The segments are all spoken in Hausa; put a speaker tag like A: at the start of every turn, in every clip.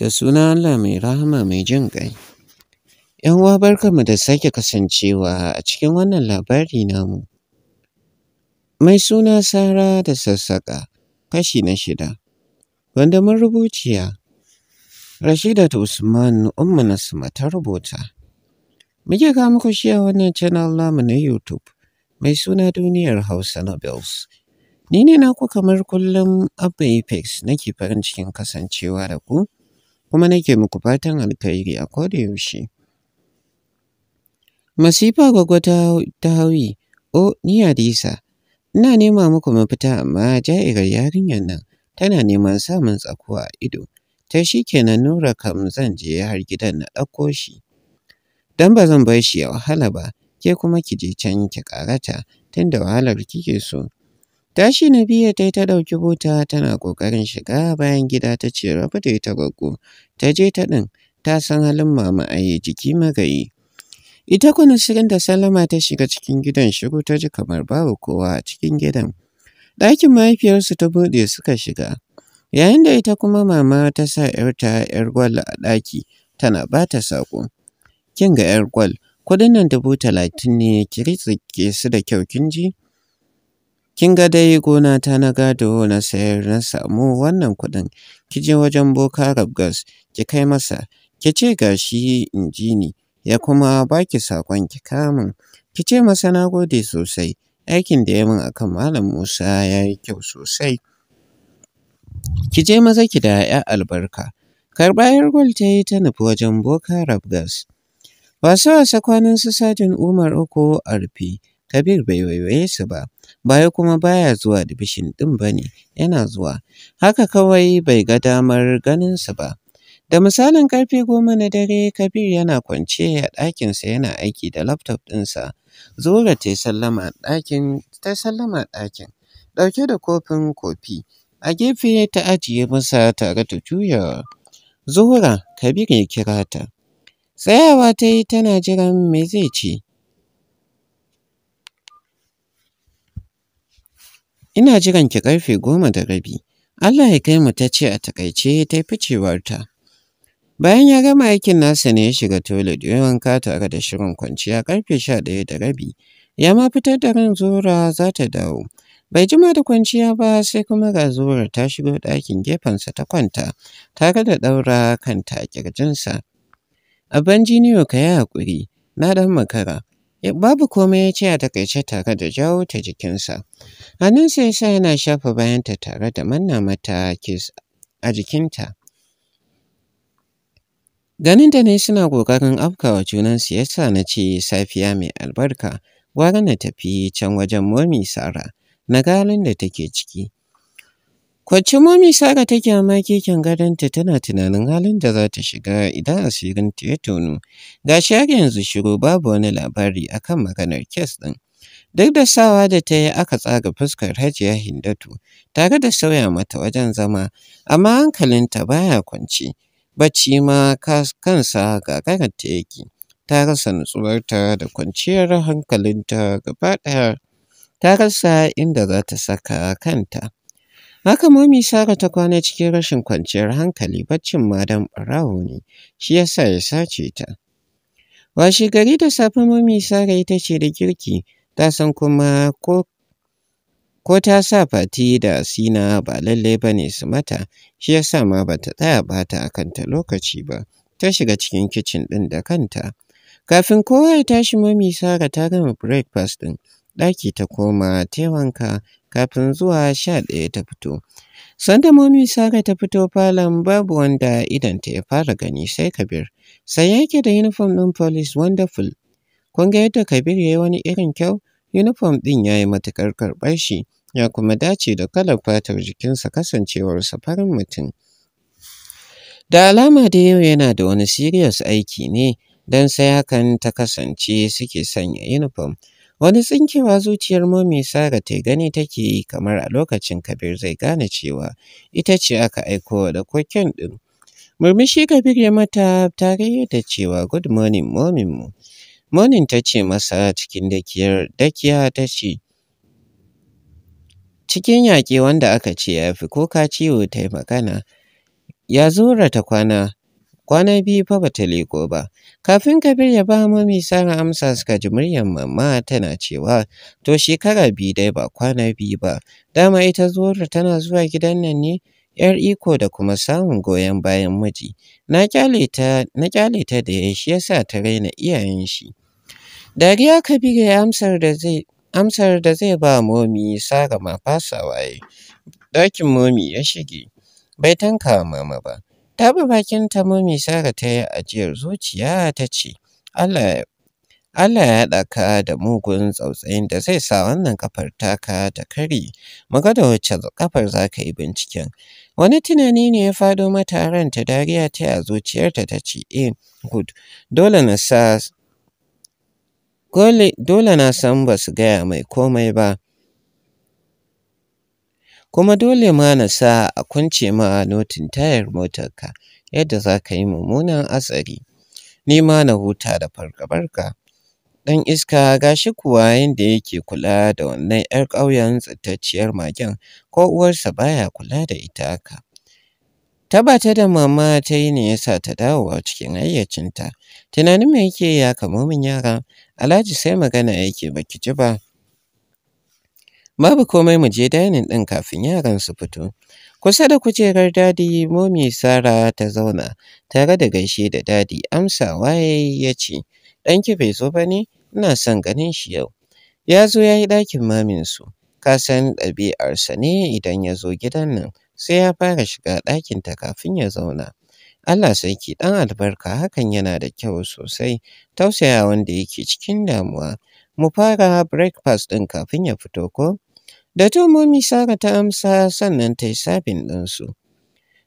A: da suna Allah mai rahama mai jin kai. ‘Yan uwa barkanmu da sake kasancewa a cikin wannan labari namu. Mai suna Sara da Sassaƙa, kashi na shida, wanda mun rubuciya. Rashida da Usman Umma Nasima ta rubuta. Muke kawo muku shi a wannan channel namu na YouTube mai suna Duniyar Hausa Nobels. Ni ne na ku kamar kullum Abba Apex nake farin cikin kasancewa da ku. kuma nake muku fatan alkhairi a yaushe. Masifa gwagwa ta hauyi, o oh, ni Hadisa, ina nema muku mafita amma ja'irar yarinyar nan tana neman samun tsakuwa a ido, ta shi kenan Nura kam zan je har gidan na ɗauko shi. Dan ba zan bar shi ya wahala ba, ke kuma ki je can ki ƙarata tunda wahalar kike so. Tashi Nabiya ta yi ta ɗauki buta tana ƙoƙarin shiga bayan gida ta ce rabu da ita gwaggo. Ta je ta ɗin ta san halin mama yi jiki magayi. Ita kuna shirin da Salama ta shiga cikin gidan shiru ta ji kamar babu kowa a cikin gidan. Ɗakin mahaifiyarsu ta buɗe suka shiga. Yayin da ita kuma mama ta sa ‘yarta ‘yar gwal a ɗaki tana ba ta saƙo. Kin ga ‘yar gwal, kuɗin nan dubu talatin ne ki riƙe su da kyau kin ji? Kin ga dai gona ta na gado na sayar na samu wannan kuɗin, ki je wajen boka Rabgas, ki kai masa, ki ce ga shi injini. ni, ya kuma baki sakon saƙon ki kamun, ki ce masa na gode sosai, aikin da ya min akan Malam Musa ya yi kyau sosai. Ki je maza ki da ya albarka, karɓa yar gwal ta yi ta nufi wajen boka Rabgas. Wasu wasa kwanan su sajin Umar uku a Kabir bai waiwaye su ba, baya kuma baya zuwa da bishin ɗin ba ne, yana zuwa. Haka kawai bai ga damar ganin su ba. Da misalin karfe goma na dare, Kabir yana kwance a ɗakinsa yana aiki da laptop ɗinsa. Zura ta sallama ɗakin, ta sallama ɗakin, ɗauke da kofin kofi. A gefe ta ajiye masa tare da juyawa. Zura, Kabir ya kira ta. Tsayawa ta yi tana jiran me zai ce. Ina jiran ki karfe goma da rabi. Allah ya kai mu ta ce a takaice ta fi cewarta. Bayan ya gama aikin nasa ne ya shiga toilet ya wanka tare da shirin kwanciya karfe sha ɗaya da rabi. Ya ma fitar da ran zora za ta dawo. Bai jima da kwanciya ba sai kuma ga zora ta shigo ɗakin gefensa ta kwanta tare da ɗaura kanta a ƙirjinsa. Abban jiniyo ka yi haƙuri, na ɗan makara. Eh, babu komai ya ce a takaice tare da jawo ta jikinsa. Hannunsa ya sa yana shafa bayanta tare da manna mata a jikinta. Ganin da ne suna ƙoƙarin afkawa junansu ya sa na ce safiya mai albarka, gwara na tafi can wajen momi Sara, na galin da take ciki. Kwacce momi Sara take amma keken gadonta tana tunanin halin da za ta shiga idan asirinta ya tonu. Ga shi har yanzu shiru babu wani labari akan maganar kes ɗin. Duk da sawa da ta yi aka tsaga fuskar Hajiya Hindatu tare da sauya mata wajen zama, amma hankalinta baya kwance. Bacci ma kansa gagararta yake, ta rasa nutsuwarta da kwanciyar hankalinta gaba ɗaya, ta rasa inda za ta saka kanta. Haka Mami Sara ta kwana cikin rashin kwanciyar hankali baccin Madam barawo ne, shi ya sa ya sace ta. Washe gari da safe Mami Sara ita ce da girki, ta san kuma ko ta sa fati da sina ba lallai ba ne su mata shi yasa ma ba ta tsaya bata a kanta lokaci ba ta shiga cikin kicin ɗin da kanta kafin kowa ya tashi mami sara ta gama breakfast ɗin ɗaki ta koma ta wanka kafin zuwa sha ɗaya ta fito. Sanda momi Sara ta fito falon babu wanda idan ta ya fara gani sai Kabir. Sai yake da uniform ɗin police wonderful. Kun ga yadda Kabir ya yi wani irin kyau? Uniform ɗin ya yi matuƙar karɓar shi ya kuma dace da kalar fatar jikinsa kasancewarsa farin mutum. Da alama da yau yana da wani serious aiki ne don sai hakan ta kasance suke sanya uniform. Wani tsinkewa zuciyar Momi Sara ta gani take yi kamar a lokacin Kabir zai gane cewa ita ce aka aiko da koken ɗin. Murmushi Kabir ya mata tare da cewa good morning momin mu. morning ta ce masa cikin dakiyar dakiya ta ce cikin yaƙi wanda aka ce ya fi ko ka ciwo ta yi magana ya zura ta kwana Kwana biyu fa bata leko ba. Kafin Kabir ya ba mami Sara amsa suka ji muryar mamma tana cewa to shekara biyu dai ba kwana biyu ba. Dama ita zuwarta tana zuwa gidan nan ne ‘yar iko da kuma samun goyon bayan miji. Na kyale ta da ya shi yasa ta raina iyayen shi. Dariya Kabiru ya amsar da zai amsar da zai ba momi Sara ma fasawa ya ɗakin momi ya shige. Bai tanka mama ba. bakin bakinta mummi Sara ta yi ajiyar zuciya ta ce, Allah ya haɗa ka da mugun tsautsayin da zai sa wannan kafar taka ta kare, magada da wacce kafar za ka yi binciken. Wani tunani ne ya fado mata ta dariya ta a zuciyarta ta ce, eh, good, dole na dole na san ba su gaya mai komai ba kuma dole ma na sa a kunce ma notin tayar motarka yadda za ka yi mummunan hatsari. Ni ma na huta da fargabarka. Ɗan iska gashi kuwa yadda yake kula da wannan 'yar ƙauyen tsittacciyar magen ko uwarsa baya kula da ita haka. Tabata da mama ta yi ne yasa ta dawowa cikin hayyacinta. Tunanin me yake ya kamo min yara? Alhaji sai magana yake baki ji ba. Babu komai mu je dainin ɗin kafin yaran su fito. Kusa da kujerar dadi momi Sara ta zauna tare da gaishe da dadi amsa waye ya ce, ɗanki bai zo ba ne? Ina son ganin shi yau. Ya zo ya yi ɗakin maminsu. Ka san ɗabi'arsa ne idan ya zo gidan nan sai ya fara shiga ɗakinta kafin ya zauna. Allah sarki ɗan albarka hakan yana da kyau sosai tausaya wanda yake cikin damuwa. Mu fara breakfast ɗin kafin ya fito ko? Da to Sara ta amsa sannan ta yi sabin ɗinsu.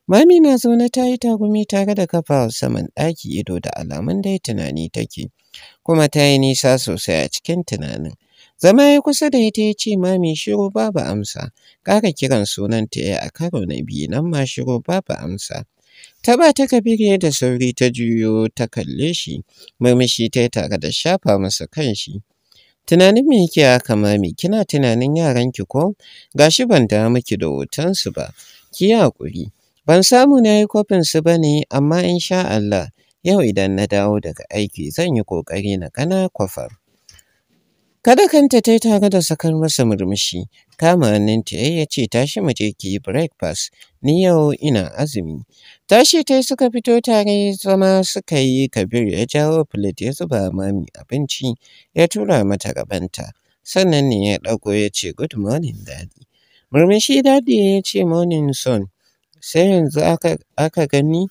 A: Mami na zaune ta yi tagumi tare da kafa saman ɗaki ido da alamun dai tunani take, kuma ta yi nisa sosai a cikin tunanin. Zama ya kusa da ita ya ce mami shiru babu amsa, ƙara kiran sunanta ta a karo na biyu nan ma shiru babu amsa. Ta ba ta kabirye da sauri ta juyo ta kalle shi, murmushi ta yi tare da shafa masa kanshi. Tunanin me yake haka mami, kina tunanin yaran ki, ko? Gashi ban da miki da hotonsu ba, ki yi haƙuri. Ban samu na yi kofinsu ba ne, amma in sha Allah, yau idan na dawo daga aiki zan yi ƙoƙari na ƙana kwafar. Kada kanta ta yi tare da sakar masa murmushi, kama hannunta ya ya ce tashi mu je ki yi breakfast, ni yau ina azumi. Tashi ta suka fito tare zama suka yi kabir ya jawo filet ya zuba mami abinci ya tura mata gabanta. Sannan ne ya ɗago ya ce good morning daddy. Murmushi daddy ya ce morning son, sai yanzu aka gani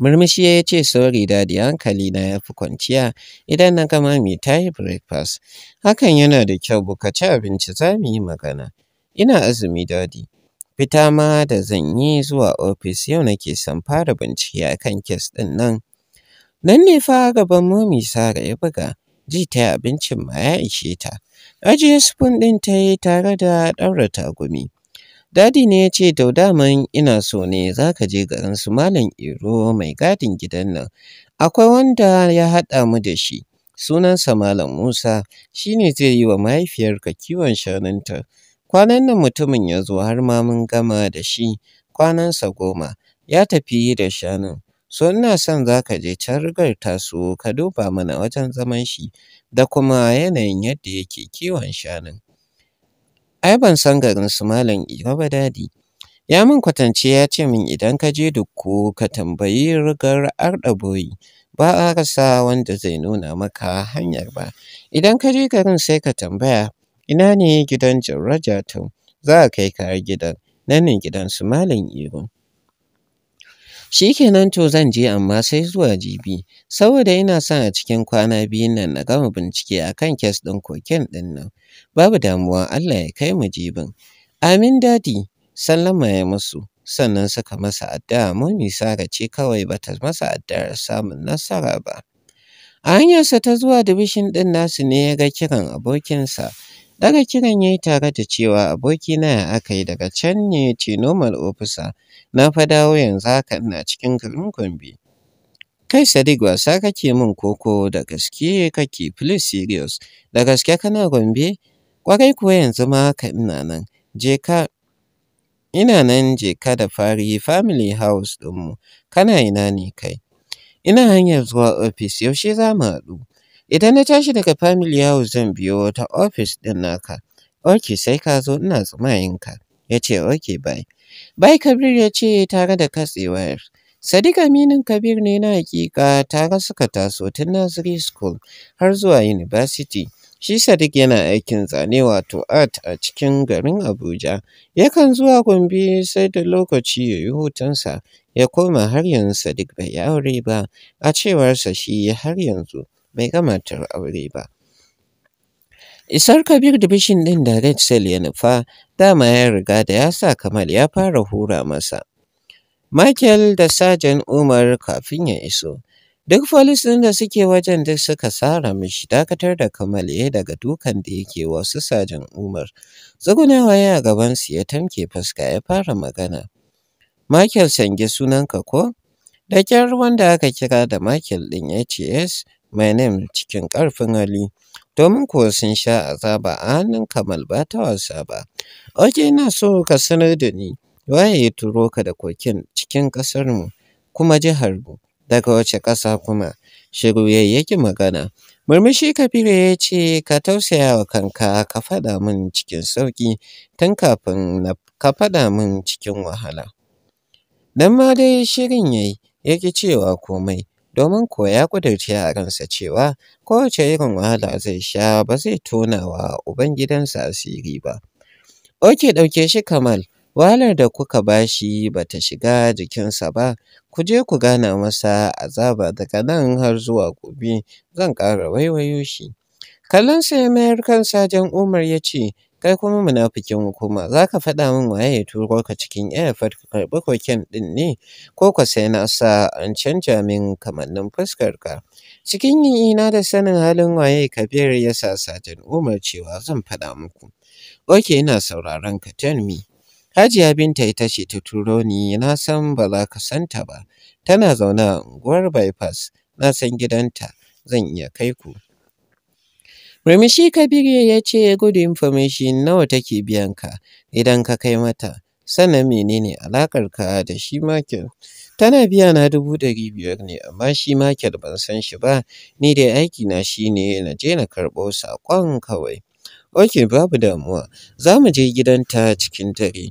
A: Murmushi ya ce sorry dadi hankali na ya fi kwanciya idan na gama mai tayi breakfast. Hakan yana da kyau buka ci abinci za mu yi magana. Ina azumi dadi. Fita ma da zan yi zuwa ofis yau nake son fara bincike a kan kes ɗin nan. Nan ne fa gaban mami Sara ya buga, ji ta abincin ma ya ishe ta. Ajiye spoon ɗin ta yi tare da ɗaura tagumi. Dadi ne ya ce daudaman ina so ne za ka je garin su Malam Iro mai gadin gidan nan. Akwai wanda ya haɗa mu da shi, sunansa Malam Musa, shi ne zai yi wa mahaifiyarka kiwon shanunta. Kwanan nan mutumin ya zo har ma mun gama da shi kwanansa goma, ya tafi da shanun. So ina son za ka je can rigar taso ka duba mana wajen zaman shi da kuma yanayin yadda yake kiwon shanun. ai ban san garin su Malam Iro ba dadi. Ya min kwatance ya ce min idan ka je dukku ka tambayi rigar arɗaboyi ba a rasa wanda zai nuna maka hanyar ba. Idan ka je garin sai ka tambaya ina ne gidan Jarrajatau za a kai ka gidan nan gidan su Malam Iro. Shi kenan to zan je amma sai zuwa jibi, saboda ina son a cikin kwana biyun nan na gama bincike a kan kes ɗin koken ɗin nan. Babu damuwa Allah ya kai mu jibin. Amin dadi, sallama ya musu, sannan suka masa addu'a nisa Sara ce kawai ba ta masa addu'ar samun nasara ba. A hanyarsa ta zuwa dibishin ɗin nasu ne ya ga kiran abokinsa Daga kiran ya yi tare da cewa abokina ya aka yi daga can ne ce normal officer na fa dawo yanzu haka ina cikin garin Gombe. Kai Sadiq wasa kake min koko da gaske kake please serious da gaske kana Gombe? Kwarai kuwa yanzu ma haka ina nan je ka ina nan je ka da fari family house ɗinmu kana ina ne kai? Ina hanyar zuwa ofis yaushe za mu haɗu? Idan na tashi daga family house zan biyo wata ofis ɗin naka. Ok sai ka zo ina tsumayinka. Ya ce ok bye. Bai Kabir ya ce tare da katsewar. Sadiq Aminin Kabir ne na hakika tare suka taso tun nursery school har zuwa university. Shi Sadiq yana aikin zane wato art a cikin garin Abuja. Yakan zuwa Gombe sai da lokaci ya yi hutunsa ya koma har yanzu Sadiq bai aure ba a cewarsa shi har yanzu. bai gamatar aure ba. Isar Kabir Bishin ɗin da Red Cell ya nufa dama ya riga da ya sa Kamal ya fara hura masa. Michael da Sajan Umar kafin ya iso. Duk falis ɗin da suke wajen duk suka tsara mishi dakatar da Kamal ya daga dukan da yake wasu Sajan Umar. Tsugunawa ya gabansu ya tamke fuska ya fara magana. Michael sange sunanka ko? Da kyar wanda aka kira da Michael ɗin ya ce yes name cikin ƙarfin hali, domin kuwa sun sha azaba a hannun Kamal ba ta wasa ba. Oke ina so ka sanar da ni waye ya turo ka da kokin cikin ƙasarmu kuma jihar mu daga wace ƙasa kuma? Shiru ya yi magana. Murmushi Kabiru ya ce ka tausaya wa kanka ka faɗa min cikin sauƙi tun kafin na ka faɗa min cikin wahala. Dan ma dai shirin ya yi cewa komai domin ko ya ƙudurce a ransa cewa kowace irin wahala zai sha ba zai tona wa ubangidansa asiri ba. Oke ɗauke shi Kamal, wahalar da kuka bashi ba ta shiga jikinsa ba, ku je ku gana masa azaba daga nan har zuwa gobe zan ƙara waiwayo shi. Kallon sai mayar kan Sajan Umar ya ce, Kai kuma munafikin hukuma, za ka faɗa min waye ya turo ka cikin airport ka karɓi koken ɗin ne, ko kwa sai na sa an canja min kamannin fuskar ka? Cikin yi ina da sanin halin waye Kabir ya sa satin Umar cewa zan faɗa muku. Oke ina sauraron ka tell me. Hajiya Binta ita ce ta turo ni na san ba za ka santa ba. Tana zaune a unguwar bypass, na san gidanta, zan iya kai ku. Murmushi Kabiru ya ce good information nawa take biyan ka idan ka kai mata. Sannan menene alaƙarka da shi Michael? Tana biya na dubu ɗari biyar ne amma shi Michael ban san shi ba ni da aiki na shi ne na je na karɓo saƙon kawai. Ok babu damuwa za mu je gidanta cikin dare.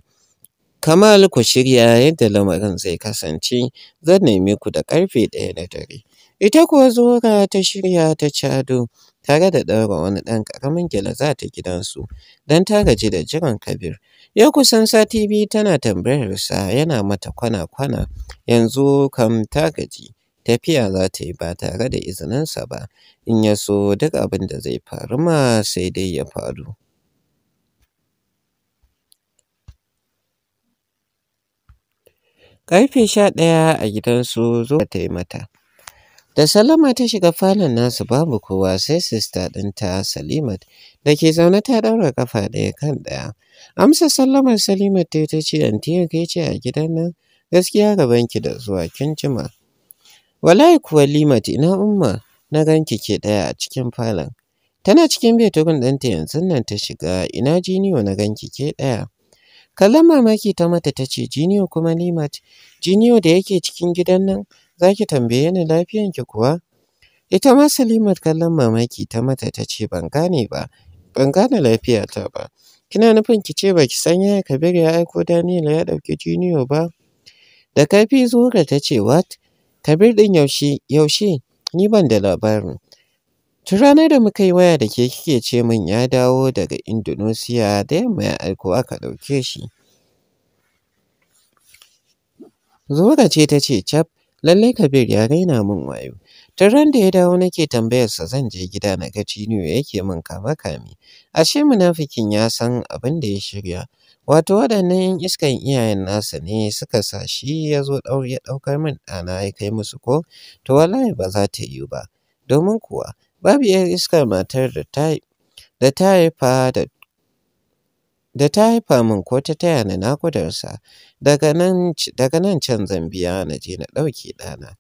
A: Kamal ku shirya yadda lamarin zai kasance zan neme ku da ƙarfe ɗaya na dare. Ita kuwa Zora ta shirya ta cado tare da ɗaura wani ɗan ƙaramin gyale za ta gidansu don ta gaji da jiran Kabir. Ya kusan sati biyu tana tambayarsa yana mata kwana-kwana yanzu kam ta gaji. tafiya za ta yi ba tare da izininsa ba in ya so duk abin da zai faru ma sai dai ya faru. Ƙarfe sha ɗaya a gidansu zuwa ta yi mata. Da Salama ta shiga falon nasu babu kowa sai sista ɗinta Salimat da ke zaune ta ɗaura ƙafa ɗaya kan ɗaya. Amsa sallamar Salimat ta ta ce antiyar kai ce a gidan nan gaskiya ki da zuwa kin jima. Wallahi kuwa Limat ina umma na ganki ke ɗaya a cikin falon. Tana cikin tukun ɗanta yanzu nan ta shiga ina jiniyo na ganki ke ɗaya. Kallon mamaki ta mata ta ce jiniyo kuma Limat jiniyo da yake cikin gidan nan za ki tambaye ni lafiyanki kuwa? Ita ma Salimat kallon mamaki ta mata ta ce ban gane ba, ban gane lafiyata ba. Kina nufin ki ce ba ki san yaya Kabir ya aiko Daniel ya ɗauki Junior ba? Da kafi zuwa ta ce what? Kabir ɗin yaushe, yaushe, ni ban da labarin. Tun ranar da muka yi waya da ke kike ce min ya dawo daga Indonesia da yamma ya aiko aka ɗauke shi. Zuwa ce ta ce cap Lallai Kabir ya raina min wayo. Tun ran da ya dawo nake tambayarsa zan je gida na ga Tiniyo yake min kama kame Ashe munafikin ya san abin da ya shirya. Wato waɗannan iskan iyayen nasa ne suka sa shi ya zo ya ɗaukar min ɗana ya kai musu ko? To wallahi ba za ta yiwu ba. Domin kuwa babu ‘yar iskar matar da ta haifa da da ta haifa min ko ta taya ni na kudarsa daga nan can zan biya na je na ɗauke ɗana.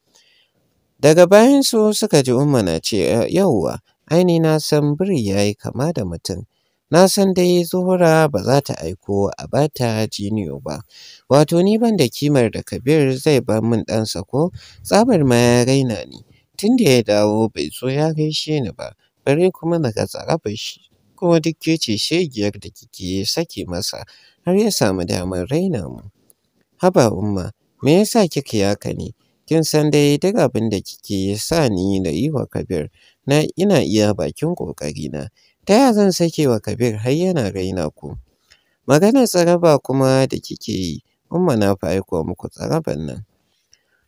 A: Daga bayan su suka ji umma na ce eh, yauwa aini na san biri ya yi kama da mutum. Na san dai Zuhura ba za ta aiko a ba ta jiniyo ba, wato ni ban da kimar da Kabir zai ba min ɗansa ko tsabar ma ya raina ni, tun da ya dawo bai so ya gaishe ni ba, bari kuma na ga shi. kuma duk ke ce shegiyar da kike sake masa har ya samu damar raina mu. Haba umma, me yasa kika yaka ne? Kin san dai duk abin da kike sa ni da yi wa Kabir na ina iya bakin ƙoƙarina. Ta ya zan sake wa Kabir har yana raina ku? Maganar tsaraba kuma da kike yi, umma na fa aiko muku tsaraban nan.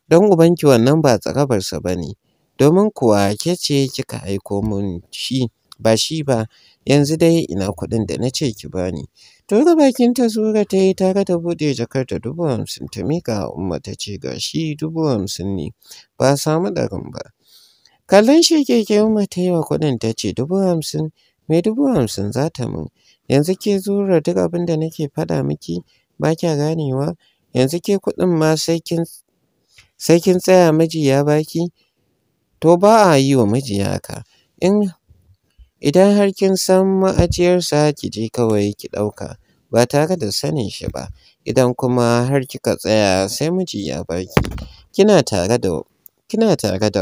A: Don ubanki wannan ba tsarabarsa ba ne, domin kuwa ke ce kika aiko mun shi. ba shi ba yanzu dai ina kuɗin da na ce ki bani. Tura bakin ta zura ta yi tare da buɗe jakarta dubu hamsin ta miƙa umma ta ce ga shi dubu hamsin ne ba samu ɗarin ba. Kallon shi keke umma ta yi wa kuɗin ta ce dubu hamsin me dubu hamsin za ta min yanzu ke zura duk abin da nake faɗa miki ba kya ganewa yanzu ke kuɗin ma sai kin tsaya miji ya baki to ba a yi wa miji haka in Idan har kin san ma'ajiyarsa ki je kawai ki ɗauka ba tare da sanin shi ba, idan kuma har kika tsaya sai miji ya baki, kina tare da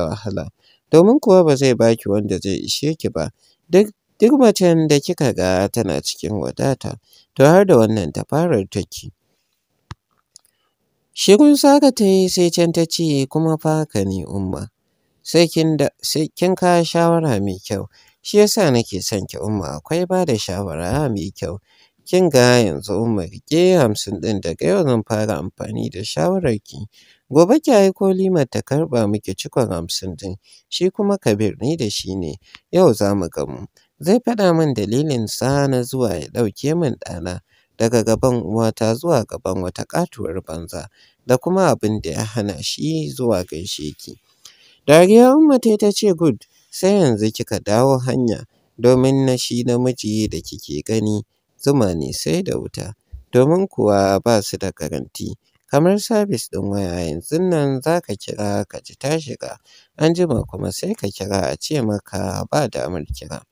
A: wahala, domin kuwa ba zai baki wanda zai ishe ki ba, duk duk macen da kika ga tana cikin wadata to har da wannan tafarar take. Shirin saka ta yi sai can ta ce kuma fa ka ne Umma, sai kin ka shawara mai kyau. Shi yasa nake son ki Umma akwai ba da shawara mai kyau. Kin ga yanzu Umma riƙe hamsin ɗin daga yau zan fara amfani da shawararki. Gobe ki aiko Lima ta karɓa miki cikon hamsin ɗin, shi kuma Kabir ni da shi ne, yau za mu gamu. Zai faɗa min dalilin sa na zuwa ya ɗauke min ɗana daga gaban uwata zuwa gaban wata ƙatuwar banza da kuma abin da ya hana shi zuwa gaishe ki. Dariya Umma ta ce good, Sai yanzu kika dawo hanya, domin na shi namiji da kike gani zuma ne sai da wuta, domin kuwa ba su da karanti. kamar sabis ɗin waya yanzu nan za ka kira ka ji ta shiga, an jima kuma sai ka kira a ce maka ba damar kira.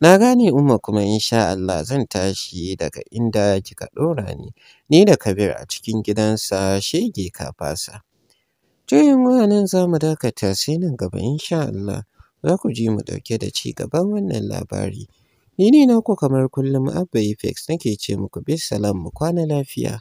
A: Na gane Umma kuma insha Allah zan tashi daga inda kika ɗora ni, ni da Kabir a cikin gidansa shege ka fasa. Juyin waya nan za mu dakata sai nan gaba insha Allah. za ku ji mu ɗauke da ci gaban wannan labari. Ni ne naku kamar kullum Abba Ifex nake ce muku bisalam mu kwana lafiya.